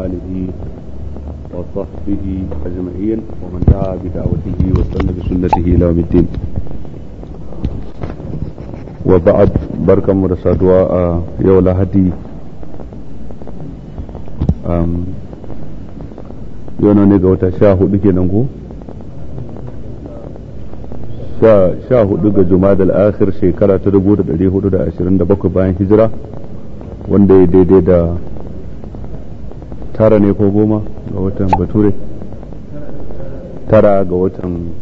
آله وصحبه أجمعين ومن دعا بدعوته واستنى بسنته إلى يوم الدين وبعد بركة مرسادوا يولا هدي يونا نيجا ga wata ننقو sha hudu ga jumadal al'akhir shekara ta dubu da dari hudu da ashirin da bakwai bayan hijira wanda ya daidai da tara ne ko goma ga watan bature tara ga watan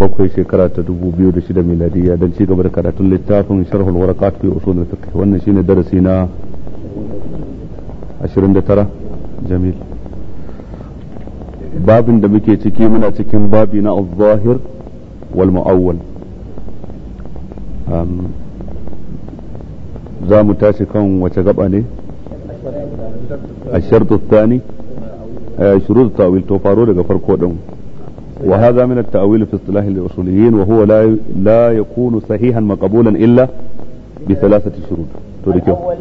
bakwai shekara ta dubu biyu da shida miladiya don ci gaba da karatun littafin sharhul warakat fi usul fiqh wannan shine darasi na 29 jamil babin da muke ciki muna cikin babi na al-zahir wal mu'awwal za mu tashi kan wace gaba ne الشرط الثاني آه، شروط التأويل توفاروا لغفر كودهم وهذا من التأويل في اصطلاح الأصوليين وهو لا لا يكون صحيحا مقبولا إلا بثلاثة شروط. الأول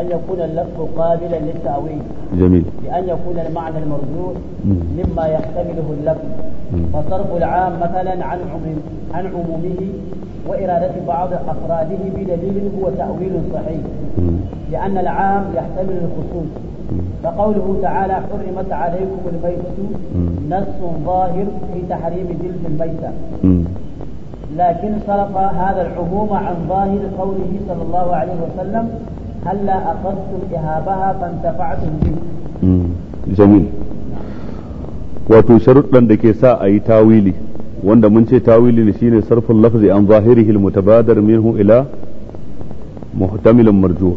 أن يكون اللفظ قابلا للتأويل جميل بأن يكون المعنى المرجوح مما يحتمله اللفظ فصرف العام مثلا عن عموم عن عمومه وإرادة بعض أفراده بدليل هو تأويل صحيح لأن العام يحتمل الخصوص فقوله تعالى حرمت عليكم الميتة نص ظاهر في تحريم جلد الميتة لكن صرف هذا العموم عن ظاهر قوله صلى الله عليه وسلم هلا فانتفعتم به جميل wato sharuɗan da ke sa a yi tawili wanda mun ce tawili ne shine sarfin lafazi an zahirihi mutabadar minhu ila muhtamilin marju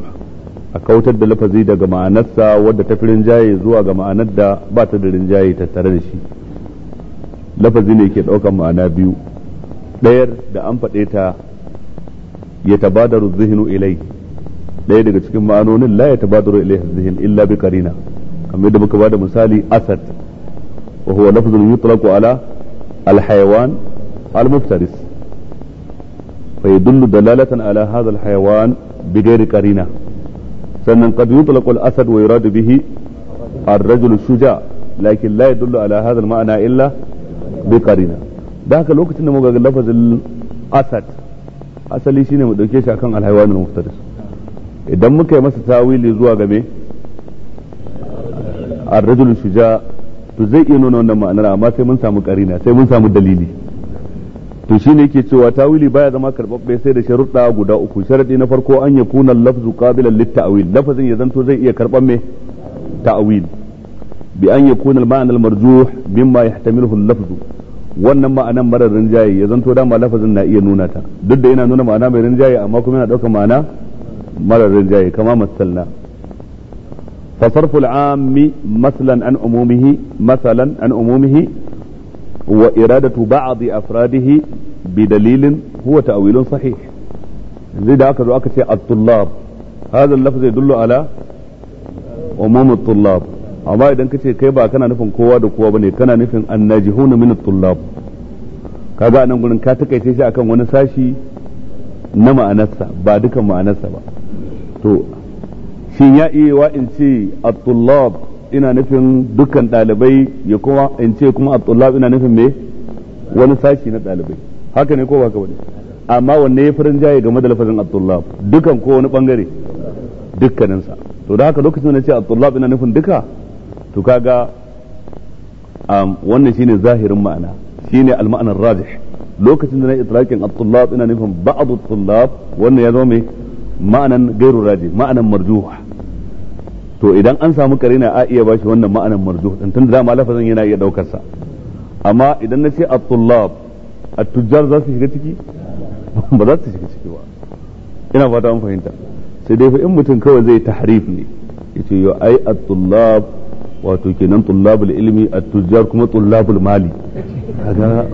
a kautar da lafazi daga ma'anarsa wadda ta fi rinjaye zuwa ga ma'anar da ba ta da rinjaye tattare da shi lafazi ne ke ɗaukar ma'ana biyu ɗayar da an faɗe ta ya tabadaru zihinu ilai ɗaya daga cikin ma'anonin la ya yatabadaru ilayhi zihin illa bi karina kamar yadda muka bada misali asad wa huwa lafzun yutlaqu ala al-hayawan al-muftaris fa yadullu dalalatan ala hadha al-hayawan bi ghairi karina sannan qad yutlaqu al-asad wa yuradu bihi ar rajul shuja lakin la yadullu ala hadha al-ma'na illa bi karina da haka lokacin da muka ga lafzin asad asali shine mu dauke shi akan al-hayawan al-muftaris idan muka yi masa tawili zuwa game ar-rajul shuja to zai iya nuna wannan ma'anar amma sai mun samu karina sai mun samu dalili to shine yake cewa tawili baya zama karbabbe sai da sharuɗa guda uku sharadi na farko an kunan lafzu qabilan lit-ta'wil lafazin ya zanto zai iya karban me ta'wil bi an yakuna al-ma'na al-marjuh mimma yahtamiluhu al-lafzu wannan ma'anan marar rinjaye ya zanto dama lafazin na iya nuna ta duk da yana nuna ma'ana mai rinjaye amma kuma yana ɗaukar ma'ana marar rinjaye kama masalna فصرف العام مثلا عن عمومه مثلا عن عمومه وإرادة بعض أفراده بدليل هو تأويل صحيح زي ده أكد أكد الطلاب هذا اللفظ يدل على عموم الطلاب amma idan ka ce kai ba kana nufin kowa da kowa bane kana nufin annajihuna min at-tullab kaga anan gurin ka takaice shi kan wani sashi na ma'anarsa ba dukan ma'anarsa ba to shin ya iya wa in ce a tullab ina nufin dukkan dalibai ya kuma in ce kuma a tullab ina nufin me wani sashi na dalibai haka ne ko ba ka wani amma wanne ya farin jaye game da lafazin a tullab dukkan ko wani bangare dukkaninsa to da haka lokacin da ce a tullab ina nufin duka to kaga um, wannan shine zahirin ma'ana shine al-ma'anar rajih lokacin da na itlaqin at-tullab ina nufin ba'd at-tullab wannan ya zama mai ma'anan gairu raji ma'anan marjuh to idan an samu karina a iya bashi wannan ma'anan marjuh din tunda dama lafazin yana iya daukar sa amma idan nace at-tullab at-tujjar za su shiga ciki ba za su shiga ciki ba ina fata an fahimta sai dai fa in mutum kawai zai tahrif ne yace yo ai at-tullab wato kenan tullabul ilmi at-tujjar kuma tullabul mali kaga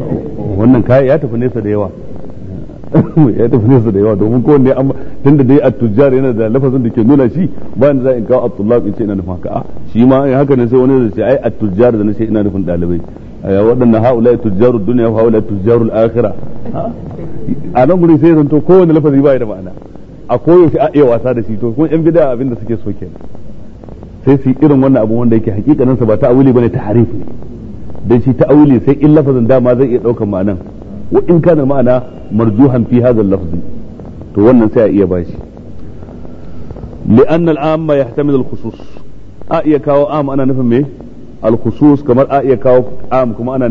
wannan kai ya tafi nesa da yawa ya tafi nesa da yawa domin ne amma tun da dai at-tujjar yana da lafazin da ke nuna shi ba ni za in kawo at-tullab in ce ina nufin haka a shi ma haka ne sai wani zai ce ai at-tujjar da nace ina nufin dalibai waɗannan haula tujjarud dunya duniya haula tujjarul akhirah a nan gurin sai zanto kowanne lafazi ba ya da ma'ana a koyaushe a iya wasa da shi to kuma yan bid'a abin da suke so kenan sai su irin wannan abu wanda yake hakikanin sa ba ta'awili bane ta harifi dan shi ta'awili sai in lafazin dama zai iya daukar ma'anan wa in kana ma'ana marjuhan fi hadha al-lafz to wannan sai a iya bashi li'anna al-amma yahtamilu al-khusus a iya kawo am ana nufin me kamar a iya kawo am kuma ana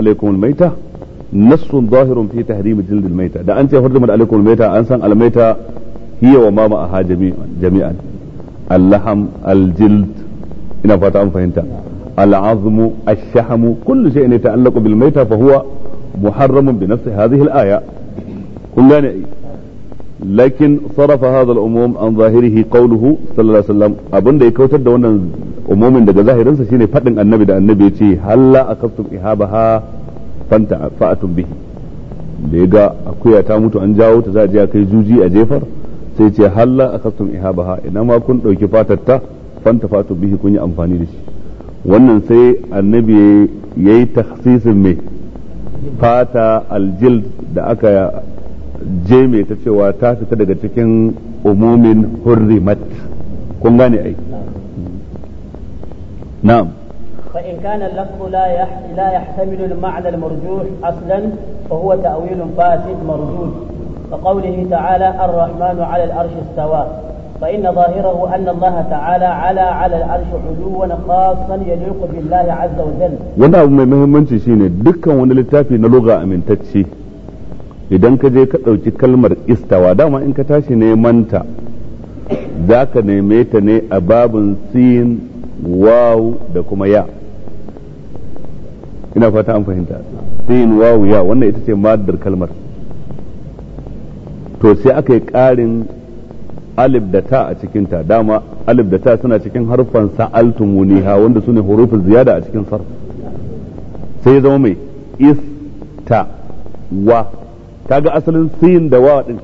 nufin نص ظاهر في تحريم جلد الميتة ده أنت حرمت عليكم الميتة أنسان الميتة هي وما معها جميعا جميعا اللحم الجلد ina fata an fahimta العظم الشحم كل شيء يتعلق بالميتة فهو محرم بنفس هذه الآية كلنا لكن صرف هذا الأموم عن ظاهره قوله صلى الله عليه وسلم أبن دي كوتر دون أموم دي ظاهر سيني فتن النبي دا النبي يتي هلا أخذتم إهابها فأتم به da ya ga akuya ta mutu an jawo ta za a je kai juji a jefar sai ce halla akastum ihabaha ina ma kun dauki fatar ta fanta fatu bihi kun yi amfani da shi wannan sai annabi ya yi tahsisin mai fata aljil da aka je mai ta cewa ta fita daga cikin umumin hurrimat kun gane ai na'am فإن كان اللفظ لا لا يحتمل المعنى المرجوح أصلا فهو تأويل فاسد مردود كقوله تعالى الرحمن على الأرش استوى فإن ظاهره أن الله تعالى على على العرش علوا خاصا يليق بالله عز وجل وانا أبو مهمنتي شيني دكا وانا لتافي نلغة من تتشي idan ka je ka ɗauki kalmar istawa dama in ka tashi neman ta za ka neme ta ne a babin sin wawu da kuma ya ina fata an fahimta sin wawu ya wannan ita ce madar kalmar to sai aka yi ƙarin alif da ta a cikin ta dama alif da ta suna cikin harfan muniha wanda sune hurufin ziyada a cikin sarf sai ya zama mai is ta wa kaga asalin sin da wa din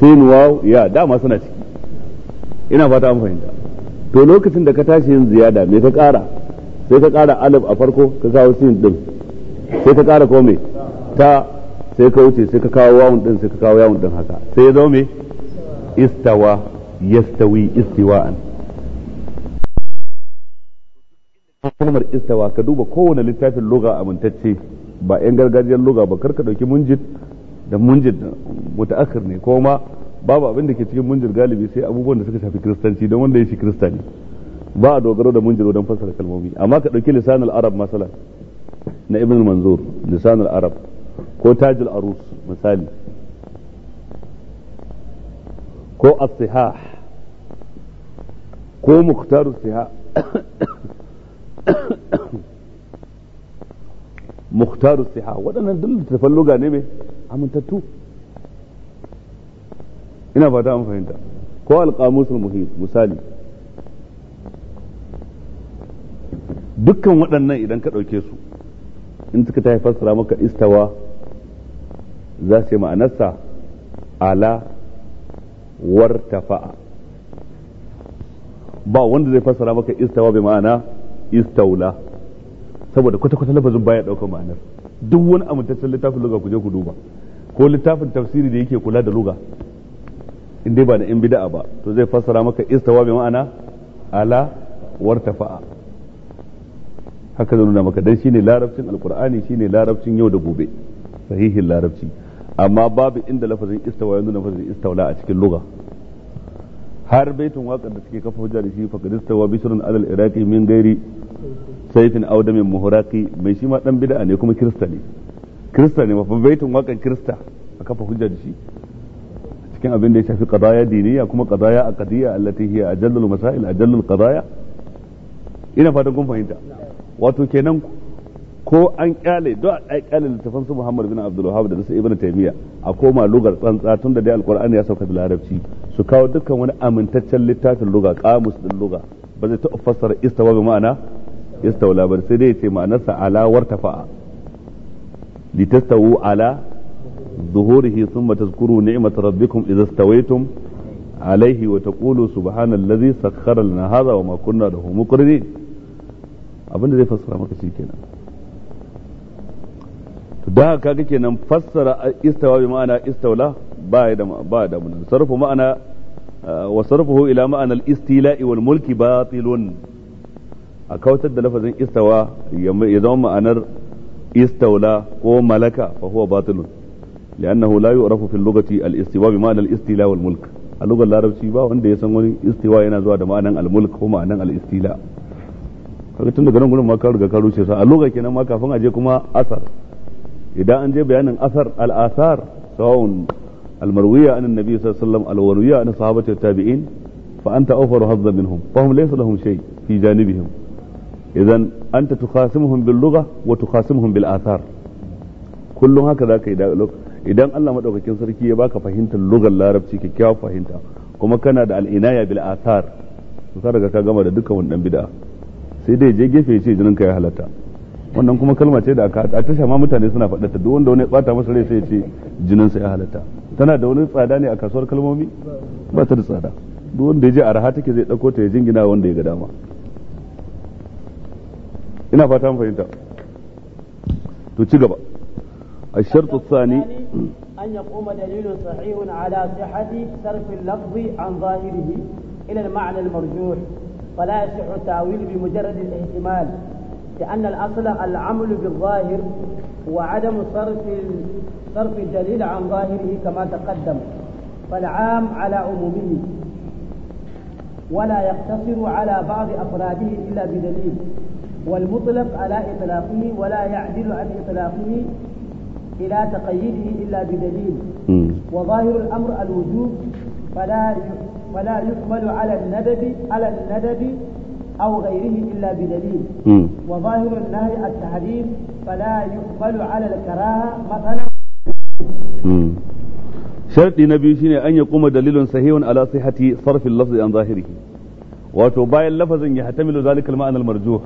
sin wa ya dama suna ciki ina fata an fahimta to lokacin da ka tashi yin ziyada me ka kara sai ka kara alif a farko ka kawo sin din sai ka kara kome ta sai ka wuce sai ka kawo wawun din sai ka kawo yawun din haka sai ya zama me istawa yastawi istiwa'an kalmar istawa ka duba kowane littafin lugha amintacce ba yan gargajiyar lugha ba karka dauki munjid da munjid mutaakhir ne ko ma babu abin da ke cikin munjid galibi sai abubuwan da suka shafi kristanci don wanda ya shi krista ba a dogaro da munjid don fassara kalmomi amma ka dauki lisanul arab masalan na ibn manzur lisanul arab ko tajil arus misali ko as ko mukhtaru siha mukhtaru siha waɗannan duk littattafan loga ne mai amintattu ina fata an fahimta ko alƙamusul muhim misali dukkan waɗannan idan ka ɗauke su in suka ta fassara maka istawa za su ce ma'anarsa ala wartafa'a ba wanda zai fassara maka istawa bai ma'ana istaula saboda kwata-kwata lafazin baya ɗaukar ma'anar duk wani amintaccen littafin luga ku je ku duba ko littafin tafsiri da yake kula da luga in dai ba da in bida'a ba to zai fassara maka istawa bai ma'ana ala wartafa'a haka zai nuna maka dan shine larabcin alqur'ani shine larabcin yau da gobe sahihin larabci amma babu inda lafazin istawa nuna lafazin istawla a cikin lugha har baitun waƙar da suke kafa hujja da shi fa kadistawa bishrun alal iraqi min gairi sayfin aw damin muhraqi mai shi ma dan bid'a ne kuma kirista ne kirista ne mafi baitun waƙar kirista a kafa hujja da shi cikin abin da ya shafi qadaya diniya kuma qadaya aqdiyya allati hiya ajallul masail ajallul qadaya ina fatan kun fahimta wato kenan ku. ko an kyale do a kyale littafan su Muhammad bin Abdul Wahhab da su Ibn Taymiyyah a koma lugar tsantsa tun da dai Alqur'ani ya sauka da Larabci su kawo dukkan wani amintaccen littafin luga kamus din luga ba zai taɓa fassara istawa bi ma'ana istawla ba sai dai ce ma'anarsa ala wartafa'a litastawu ala ظهوره ثم تذكروا نعمة ربكم إذا استويتم عليه وتقولوا سبحان الذي سخر لنا هذا وما كنا له مقرنين abin da zai fassara maka shi kenan da kaga kenan fassara istawa bi ma'ana istawla ba da ba da mun sarfu ma'ana ah, wa sarfuhu ila ma'ana al-istila'i wal mulki batilun a kautar da lafazin istawa ya zama ma'anar istawla ko malaka fa huwa batilun لأنه لا يعرف في اللغة الاستواء بمعنى الاستيلاء والملك اللغة العربية ba wanda ya san wani istiwa yana zuwa da ma'anan al-mulk ko ma'anan al-istila kaga tun daga nan gurin ma ka riga ka ruce sa a lugha kenan ma kafin aje kuma asar idan an je bayanin asar al'asar asar sawun al an annabi sallallahu alaihi wasallam al-warwiya an sahabati tabi'in fa anta awfaru hazzan minhum fa hum laysa lahum shay fi janibihim idan anta tukhasimuhum bil lugha wa tukhasimuhum bil athar kullum haka zaka yi idan Allah madaukakin sarki ya baka fahimtar lugar larabci kyakkyawar fahimta kuma kana da al'inaya bil athar to ka daga ka gama da dukkan wannan bid'a sai dai je gefe ya ce jinin ka ya halatta wannan kuma kalma ce da aka a tasha ma mutane suna faɗa ta duk wanda wani ya bata masa rai sai ya ce jinin sa ya halatta tana da wani tsada ne a kasuwar kalmomi ba ta da tsada duk wanda ya je araha take zai ɗauko ta ya jingina wanda ya ga dama ina fata mun fahimta to ci gaba الشرط الثاني أن يقوم دليل صحيح على صحة صرف اللفظ عن ظاهره إلى المعنى المرجوح فلا يصح التأويل بمجرد الاحتمال لأن الأصل العمل بالظاهر وعدم صرف صرف الدليل عن ظاهره كما تقدم فالعام على عمومه ولا يقتصر على بعض أفراده إلا بدليل والمطلق على إطلاقه ولا يعدل عن إطلاقه إلى تقييده إلا بدليل وظاهر الأمر الوجوب فلا فلا يحمل على الندب على الندب أو غيره إلا بدليل م. وظاهر النهي التحريم فلا يقبل على الكراهة مثلا sharɗi na biyu shine an ya kuma dalilun sahihun ala sihati sarfin lafzi an zahirihi wato bayan lafazin ya hatamilu zalika al-ma'an al-marjuh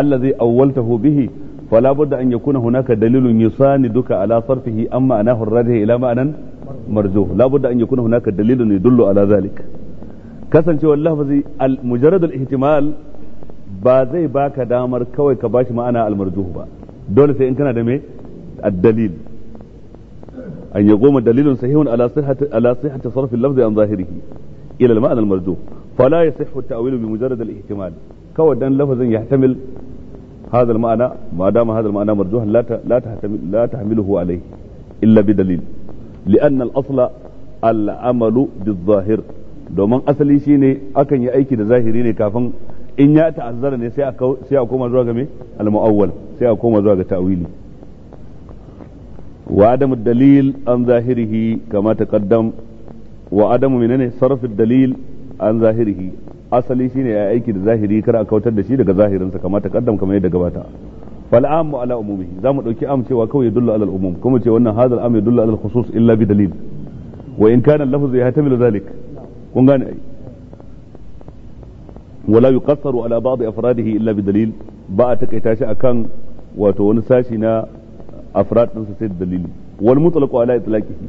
allazi awwaltahu bihi fala budda an yakuna hunaka dalilun yusani duka ala sarfihi amma anahu ar-rajih ila ma'anan marjuh la budda an yakuna hunaka dalilun yadullu ala zalika kasancewar lafazi mujarradul ihtimal ba zai baka damar kawai ka bashi ma'ana almarjuhu ba dole sai in kana da me dalil an goma dalilun sahihun ala sihhati ala sihhati sarf al-lafzi an zahirihi ila al-ma'na al-marjuh fala yasihhu at-ta'wil bi mujarrad al-ihtimal kawai dan lafazin yahtamil هذا المعنى ما دام هذا المعنى مرجوحا لا لا تحتمل لا تحمله عليه الا بدليل لان الاصل العمل بالظاهر domin asali shine akan yi aiki da zahiri ne kafin in ya ta'azzara ne sai a koma zuwa ga me al-mu'awwal sai a koma zuwa ga ta'wili wa adamu dalil an zahirihi kama taqaddam wa adamu menene sarfi dalil an zahirihi asali shine ya aiki da zahiri kar a kautar da shi daga zahirinsa kama taqaddam kamar yadda gabata فالعام ala عمومه zamu dauki am cewa kawai yadullu ala al-umum kuma ce wannan hadal am yadullu ala al-khusus illa bi dalil wa in kana al lafzu yahtamilu dhalik kun gane ai wala yuqassaru ala ba'd afradihi illa bi dalil ba a takaita shi akan wato wani sashi na afrad din sai da dalili wal mutlaqu ala itlaqihi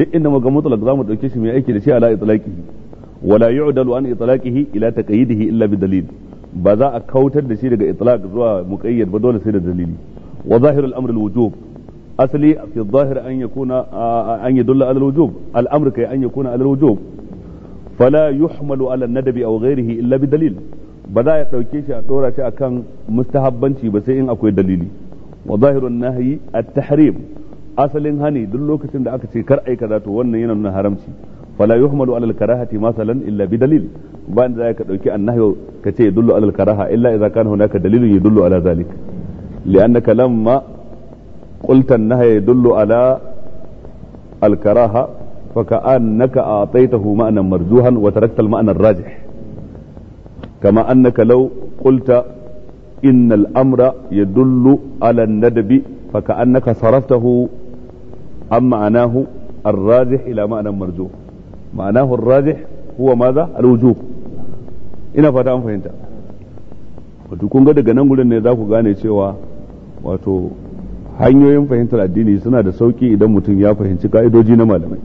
duk inda muga mutlaq zamu dauke shi mai aiki da shi ala itlaqihi wala yu'dalu an itlaqihi ila taqyidihi illa bi dalil ba za a kautar da shi daga itlaq zuwa muqayyad ba dole sai da dalili wa zahir al-amr al-wujub asli fi adh-dhahir an yakuna an yadulla ala al-wujub al-amr kay an yakuna ala al-wujub fala yuhmalu ala nadabi aw ghairihi illa bi dalil ba za ya dauke shi a dora shi akan mustahabbanci ba sai in akwai dalili wa zahirun nahyi at asalin hani duk lokacin da aka ce kar ai kaza to wannan yana nuna haramci fala yuhmalu ala karahati masalan illa bi dalil ba inda za ka dauki annahyu ka ce yadullu alal karaha illa idza kana hunaka dalil yadullu ala zalik li'annaka lamma qulta an-nahya yadullu ala al-karaha فكأنك أعطيته معنى مرجوحا وتركت المعنى الراجح كما أنك لو قلت إن الأمر يدل على الندب فكأنك صرفته عن معناه الراجح إلى معنى مرجوح معناه الراجح هو ماذا الوجوب ina fata an fahimta wato kun ga daga nan gudun ne za ku gane cewa wato hanyoyin fahimtar addini suna da sauki idan mutum ya fahimci ka'idoji na malamai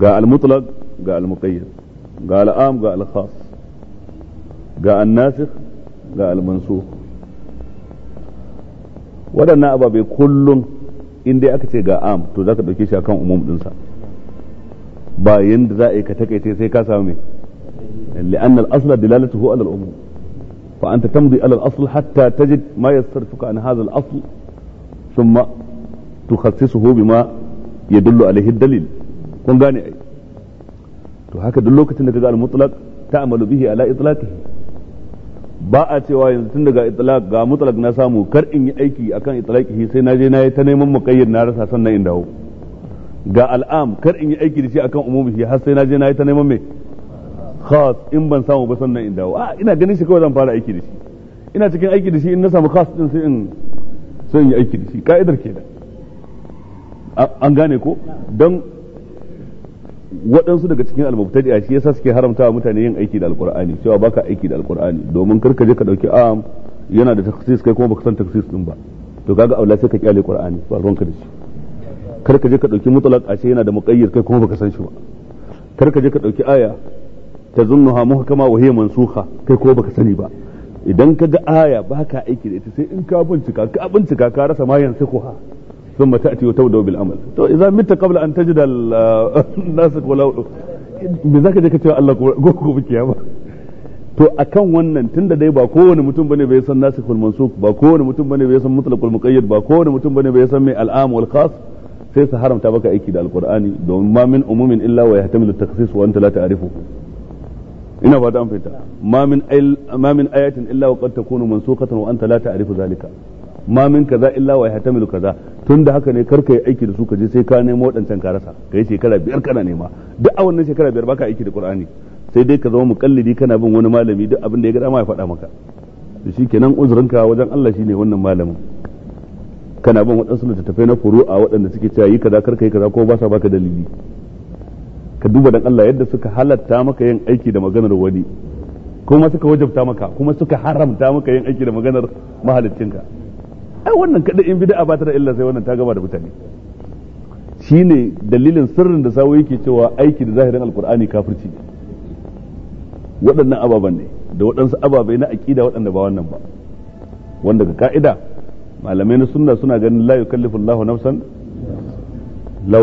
ga al-mutlaq ga al-muqayyad ga al-am ga al-khas ga an-nasikh ga al-mansukh waɗannan ababe kullum in dai aka ce ga am to za ka ɗauke shi akan umum ɗinsa ba yanda za a yi ka takaice sai ka samu mai li'anna al-asla dilalatuhu ala al-umum fa anta tamdi ala al-asl hatta tajid ma yastarfuka an hadha al-asl thumma tukhassisuhu bima yadullu alayhi ad-dalil kun gane ai to haka duk lokacin da kaga al-mutlaq ta'malu bihi ala itlaqihi ba a cewa yanzu tun daga itlaq ga mutlaq na samu kar in yi aiki akan itlaqihi sai na je na yi ta neman muqayyid na rasa sannan in dawo ga al'am kar in yi aiki da shi akan umumihi har sai na je na yi ta neman me khas in ban samu ba sannan in dawo ah ina ganin shi kawai zan fara aiki da shi ina cikin aiki da shi in na samu khas din sai in sai in yi aiki da shi ka'idar kenan an gane ko don waɗansu daga cikin almubtadi'a shi yasa suke haramta wa mutane yin aiki da alkur'ani cewa baka aiki da alkur'ani domin karka je ka dauki a yana da taksis kai kuma baka san taksis din ba to kaga aula sai ka kyale qur'ani ba ruwanka da shi karka je ka dauki mutlaq ashe yana da muqayyir kai kuma baka san shi ba karka je ka dauki aya ta tazunnuha muhkama wa hiya mansukha kai kuma baka sani ba idan kaga aya baka aiki da ita sai in ka bincika ka bincika ka rasa ma ha. ثم تأتي وتبدأ بالعمل تو إذا مت قبل أن تجد الناسك ولا بذاك جاك تيوا الله كوكو بكيامة to akan uh, wannan tunda dai ba kowane mutum bane bai san nasikul mansuk ba kowane mutum bane bai san mutlaqul muqayyad ba kowane mutum bane bai san mai al'am sai su haramta maka aiki da alqur'ani domin ma min umumin illa wa yahtamilu at-takhsis wa anta ta an ayatin illa wa zalika ma min kaza illa wa yahtamilu kaza tunda haka ne karka yi aiki da su ka je sai ka nemo wadancan ka rasa kai shekara biyar kana nema duk a wannan shekara biyar baka aiki da qur'ani sai dai ka zama mukallidi kana bin wani malami duk abin da ya ga dama ya faɗa maka to shikenan uzurinka wajen Allah shine wannan malamin kana bin waɗansu littattafai na furu'a waɗanda suke cewa yi kaza karka yi kaza ko ba sa baka dalili ka duba dan Allah yadda suka halatta maka yin aiki da maganar wani kuma suka wajabta maka kuma suka haramta maka yin aiki da maganar mahalicinka ai wannan kada in bid'a ba ta da illa sai wannan ta gaba da mutane shine dalilin sirrin da sawo yake cewa aiki da zahirin alkur'ani kafirci ne waɗannan ababen ne da waɗansu ababai na aƙida waɗanda ba wannan ba wanda ga ka'ida malamai na sunna suna ganin la yukallifu Allahu nafsan la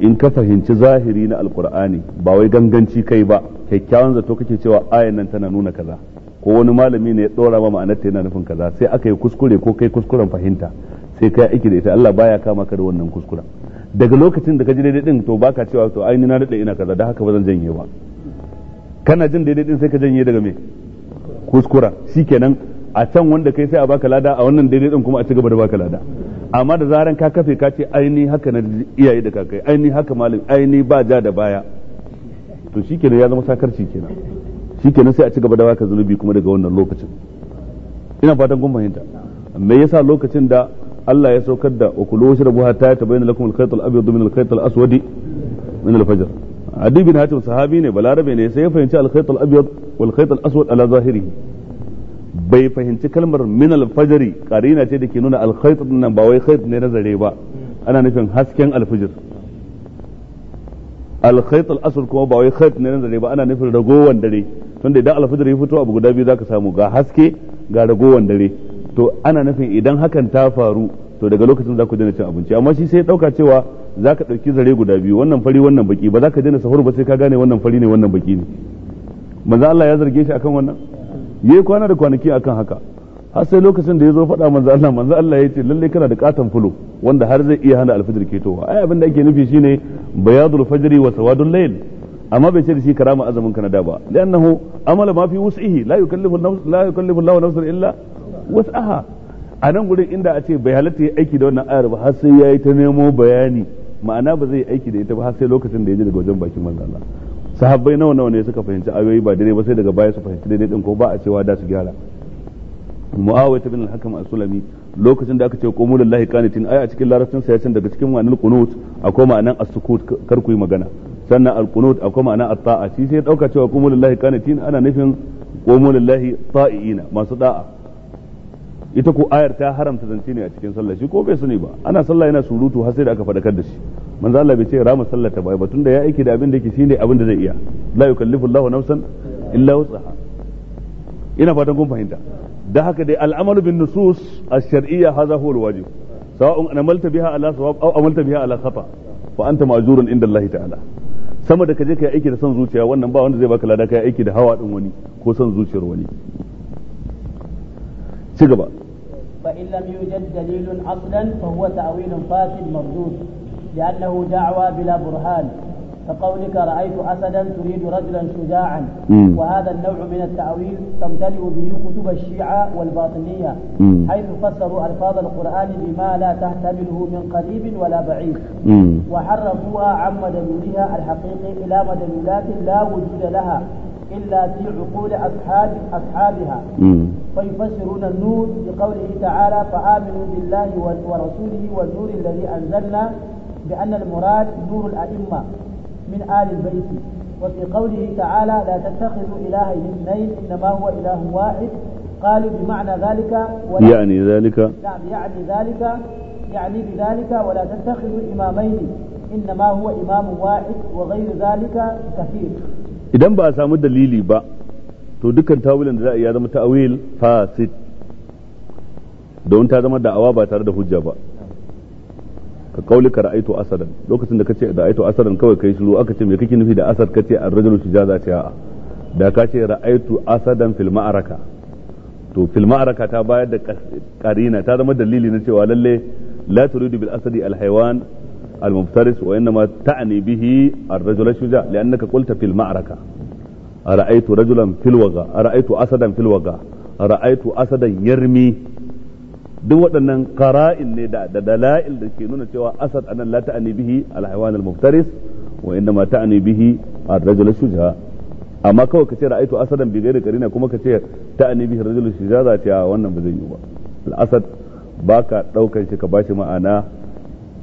in ka fahimci zahiri na alkur'ani ba wai ganganci kai ba kyakkyawan zato kake cewa ayan nan tana nuna kaza ko wani malami ne ya dora ma ma'anar ta yana nufin kaza sai aka yi kuskure ko kai kuskuren fahimta sai kai aiki da ita Allah baya kama ka da wannan kuskuren daga lokacin da ka ji daidai din to baka cewa to ai ni na dade ina kaza da haka ba zan janye ba kana jin daidai din sai ka janye daga me kuskura shikenan a can wanda kai sai a baka lada a wannan daidai din kuma a cigaba da baka lada amma da zaran ka kafe ka ce aini haka na iyaye da kakai aini haka malami aini ba ja da baya to shikenan ya zama sakarci kenan kenan sai a ci gaba da waka zunubi kuma daga wannan lokacin ina fatan kun fahimta me yasa lokacin da Allah ya saukar da ukulu ta hatta yatabayyana lakum al-khayt al-abyad min al-khayt al-aswad min al-fajr Adi bin Hatim sahabi ne balarabe ne sai ya fahimci al-khayt al-abyad wal khayt al-aswad ala zahirihi bai fahimci kalmar min al-fajr qarina ce dake nuna al-khayt nan ba wai khayt ne na zare ba ana nufin hasken al-fajr al-khayt al-aswad kuma ba wai khayt ne na zare ba ana nufin ragowan dare tunda idan alfajir ya fito abu guda biyu zaka samu ga haske ga ragowan dare to ana nufin idan hakan ta faru to daga lokacin za ku daina cin abinci amma shi sai dauka cewa za ka ɗauki zare guda biyu wannan fari wannan baki ba za ka daina sahur ba sai ka gane wannan fari ne wannan baki ne manzo Allah ya zarge shi akan wannan yayi kwana da kwanaki akan haka har sai lokacin da ya zo faɗa manzo Allah manzo Allah ya ce lalle kana da katon fulo wanda har zai iya hana alfajir ketowa ai abin da ake nufi shine bayadul fajri wa sawadul layl amma bai ce da shi karama azumin ka na da ba li'annahu amala ma fi wus'ihi la yukallifu la yukallifu Allahu nafsan illa wus'aha a nan gurin inda a ce bai halatta yi aiki da wannan ayar ba har sai yayi ta nemo bayani ma'ana ba zai aiki da ita ba har sai lokacin da ya ji daga wajen bakin manzo Allah sahabbai nawa nawa ne suka fahimci ayoyi ba daidai ba sai daga baya su fahimci daidai din ko ba a cewa da su gyara muawiyah bin al-hakam as sulami lokacin da aka ce qumul lillahi qanitin ai a cikin larabcin sa ya daga cikin wannan qunut akwai ma'anar as-sukut kar ku yi magana sannan alqunut akwai ma'ana at-ta'a shi sai dauka cewa qumu lillahi qanitin ana nufin qumu lillahi ta'iina masu da'a ita ko ayar ta haramta zance ne a cikin sallah shi ko bai sani ba ana sallah yana surutu har sai da aka fadakar da shi manzo Allah bai ce rama sallah ta bai ba tunda ya aiki da abin da yake shine abin da zai iya la yukallifu Allahu nafsan illa wus'aha ina fatan kun fahimta da haka dai al'amalu bin nusus ash-shar'iyya hadha huwa al-wajib sawa'un amalta biha ala sawab aw amalta biha ala khata fa anta ma'zurun inda Allah ta'ala sama da kaje kai aiki da son zuciya wannan ba wanda zai baka lada kai aiki da hawa din wani ko son zuciyar wani ci gaba fa in lam yujad dalilun aslan fa huwa ta'wilun fasid mardud لأنه دعوى bila burhan. كقولك رأيت أسدا تريد رجلا شجاعا وهذا النوع من التأويل تمتلئ به كتب الشيعة والباطنية حيث فسروا ألفاظ القرآن بما لا تحتمله من قريب ولا بعيد وحرفوها عن مدلولها الحقيقي إلى مدلولات لا وجود لها إلا في عقول أصحاب أصحابها فيفسرون النور بقوله تعالى فآمنوا بالله ورسوله والنور الذي أنزلنا بأن المراد نور الأئمة من آل البيت وفي قوله تعالى لا تتخذوا إلهين اثنين إنما هو إله واحد قالوا بمعنى ذلك ولا يعني ذلك نعم يعني ذلك يعني بذلك ولا تتخذوا إمامين إنما هو إمام واحد وغير ذلك كثير idan ba a samu dalili ba to dukkan tawilin da za a yi ya zama ta'awil fasid don ta zama da'awa ba tare da hujja ba ka kauli ka ra'aitu asadan lokacin da kace da ra'aitu asadan kawai kai shiru aka ce me kake nufi da asad kace ar-rajulu shijaza ce a'a da ka ce ra'aitu asadan fil ma'araka to fil ma'araka ta bayar da karina ta zama dalili na cewa lalle la turidu bil asadi al haywan al muftaris wa inma ta'ni bihi ar-rajulu shuja li'annaka qulta fil ma'araka ara'aitu rajulan fil waga ara'aitu asadan fil waga ara'aitu asadan yarmi duk waɗannan ƙara'in ne da da dalail da ke nuna cewa asad anan la ta'ani bihi al-hayawan al-muftaris wa inna ma ta'ani bihi ar-rajul shujha amma kawai kace ra'aitu asadan bi ghairi karina kuma kace ta'ani bihi ar-rajul shujha za ta wannan ba zai yi ba al-asad baka daukan shi ka bashi ma'ana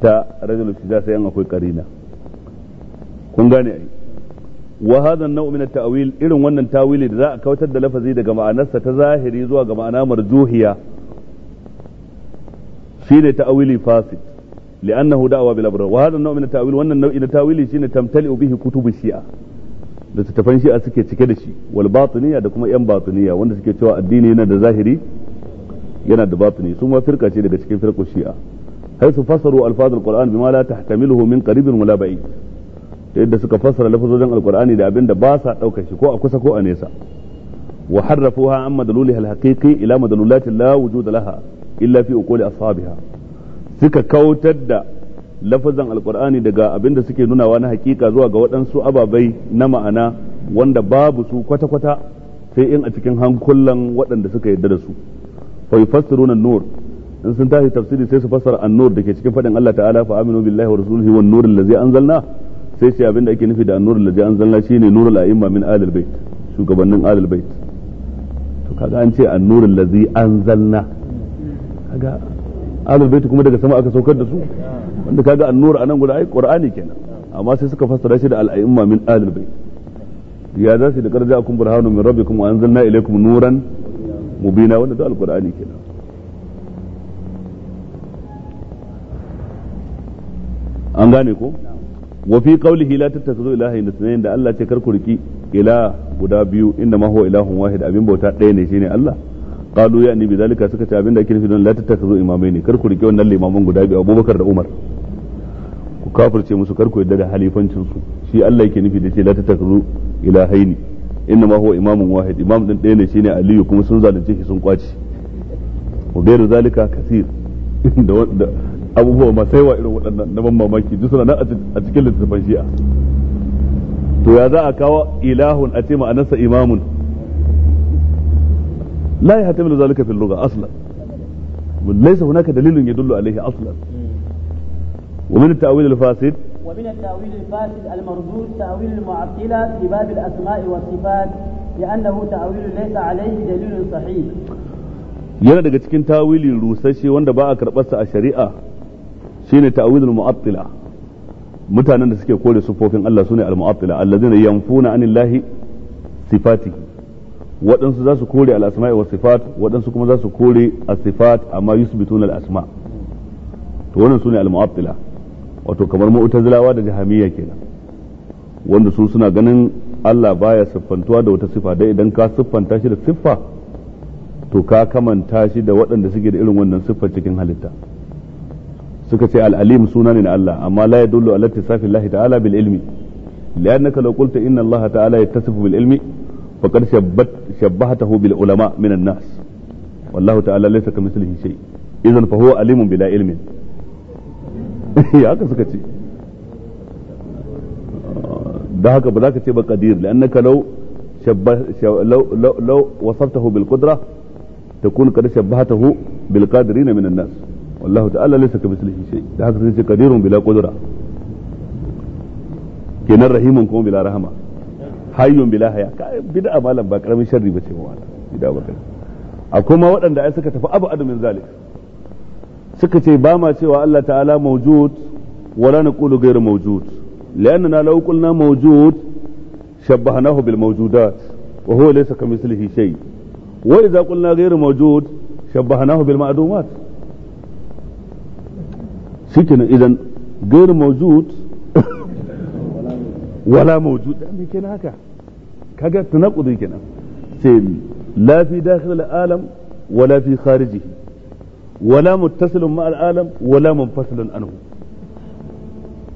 ta rajul shujha sai an akwai karina kun gane ai wa hadha an-naw' min at-ta'wil irin wannan tawili da za a kautar da lafazi daga ma'anarsa ta zahiri zuwa ga ma'ana marjuhiya shine ta'awili fasid li'annahu da'wa bil abrar wa hadha an-naw' min at-ta'wil wannan nau'i na shine tamtali'u bihi kutubu shi'a da tattafan shi'a suke cike da shi wal batiniya da kuma yan batiniya wanda suke cewa addini yana da zahiri yana da batini su ma firka daga cikin firqu shi'a haythu fasaru alfaz al-qur'an bima la tahtamiluhu min qaribin wala ba'id yadda suka fassara lafazojin alqur'ani da abin da ba sa daukar shi ko a kusa ko a nesa wa harrafuha an madaluli al-haqiqi ila madalulati la wujuda laha illa fi uquli ashabiha suka kautar da lafazan alqur'ani daga abinda suke nunawa na hakika zuwa ga waɗansu ababai na ma'ana wanda babu su kwata-kwata sai in a cikin hankulan waɗanda suka yarda da su fa yufassiruna an-nur in sun tashi tafsiri sai su fassara an-nur dake cikin fadin Allah ta'ala fa aminu billahi wa rasulihi wan nur allazi anzalna sai sai abinda ake nufi da an-nur allazi anzalna shine nurul a'imma min alil bait shugabannin alil bait to kaga an ce an-nur allazi anzalna kaga alul baiti kuma daga sama aka saukar da su wanda kaga annur anan guda ai qur'ani kenan amma sai suka fassara shi da al'aimma min alul bait ya za su da karja akum burhanu min rabbikum wa anzalna ilaykum nuran mubina wanda da alqur'ani kenan an gane ko wa fi qawlihi la tattakhudhu ilaha illa da Allah ce kar ku riki ila guda biyu inda ma huwa ilahun wahid abin bauta ɗaya ne shine Allah qalu ya annabi zalika suka ce abinda ake nufi don la tattakhudhu imamai ne kar ku rike wannan limaman guda biyu Abubakar da Umar ku kafirce musu kar ku yadda da halifancin su shi Allah yake nufi da ce la tattakhudhu ilahaini inna ma huwa imamun wahid imam din ɗaya ne shine Aliyu kuma sun zalunce shi sun kwace wa ghairu zalika kaseer da abubuwa masu yawa irin waɗannan na ban mamaki duk suna nan a cikin littattafan shi'a to ya za a kawo ilahun a ce ma'anarsa imamun لا يحتمل ذلك في اللغة أصلا ليس هناك دليل يدل عليه أصلا ومن التأويل الفاسد ومن التأويل الفاسد المردود تأويل المعطلة في باب الأسماء والصفات لأنه تأويل ليس عليه دليل صحيح yana daga cikin tawili rusashe wanda ba a karɓarsa a shari'a shine ta'awilul mu'attila mutanen da suke kore sufofin Allah sune al-mu'attila allazina yanfuna anillahi sifatihi waɗansu za su kore al'asma asmai sifat waɗansu kuma za su kore a sifat amma yusuf al-asma to wannan sune al wato kamar zilawa da jahamiyya kenan wanda su suna ganin Allah baya siffantuwa da wata siffa dai idan ka siffanta shi da siffa to ka kamanta shi da waɗanda suke da irin wannan siffar cikin halitta suka ce alalim suna ne na Allah amma la yadullu ala tisafin lahi ta'ala bil ilmi li'annaka law qulta inna Allah ta'ala yattasifu bil ilmi faqad shabbat shabbahatahu bil ulama min an-nas wallahu ta'ala laysa kamithlihi shay idan fa huwa alimun bila ilmin ya haka suka ce da haka ba za ka ce ba qadir la'annaka تكون قد شبهته بالقادرين من الناس والله تعالى ليس كمثله شيء ده حق قدير بلا قدرة كنا رحيم كون بلا رحمة hayyun bila haya bid'a malam ba karamin sharri bace ba wala bid'a ba kai a kuma waɗanda ai suka tafi abu adamin zalik suka ce ba ma cewa Allah ta'ala mawjud wala naqulu ghayr mawjud li'annana law qulna mawjud shabbahnahu bil mawjudat wa huwa laysa kamithlihi shay wa idza qulna ghayr mawjud shabbahnahu bil ma'dumat shikenan idan ghayr mawjud wala mawjuda me kenan haka kaga tanaqudi kenan sai la fi dakhil al-alam wala fi kharijihi wala muttasilun ma al-alam wala munfasilun anhu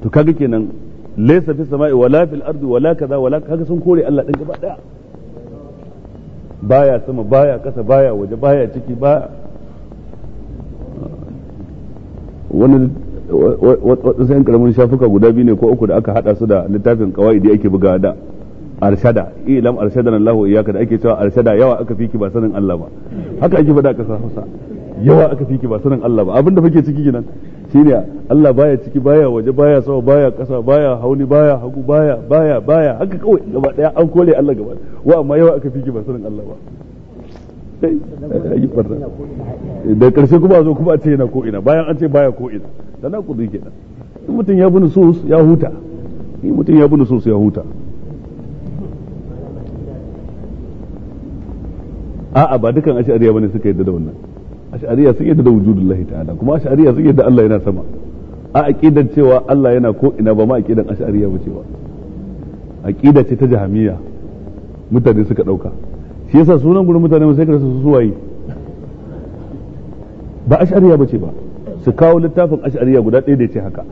to kaga kenan laysa fi samai wala fil ardi wala kaza wala kaga sun kore Allah din gaba daya baya sama baya kasa baya waje baya ciki ba wani wasu yan karamin shafuka guda biyu ne ko uku da aka hada su da littafin kawai da ake buga da arshada ilam arshada Allah lahu iyaka da ake cewa arshada yawa aka fiki ba sanin Allah ba haka ake faɗa kasar Hausa yawa aka fiki ba sanin Allah ba abinda fake ciki kenan shine Allah baya ciki baya waje baya sama baya kasa baya hauni baya hagu baya baya baya haka kawai gaba daya an kore Allah gaba wa amma yawa aka fiki ba sanin Allah ba da karshe kuma zo kuma a ce yana ko ina bayan an ce baya ko ina da na kudu kenan in mutum ya bi nusus ya huta in mutum ya bi nusus ya huta a'a ba dukan ash'ariya bane suka yadda da wannan ash'ariya sun yadda da wujudullahi ta'ala kuma ash'ariya sun yadda Allah yana sama a aqidan cewa Allah yana ko ina ba ma aqidan ash'ariya ba cewa aqida ce ta jahamiya mutane suka dauka shi yasa sunan gurin mutane sai ka rasa su suwaye ba ash'ariya ba ce ba su kawo littafin ash'ariya guda ɗaya da ce haka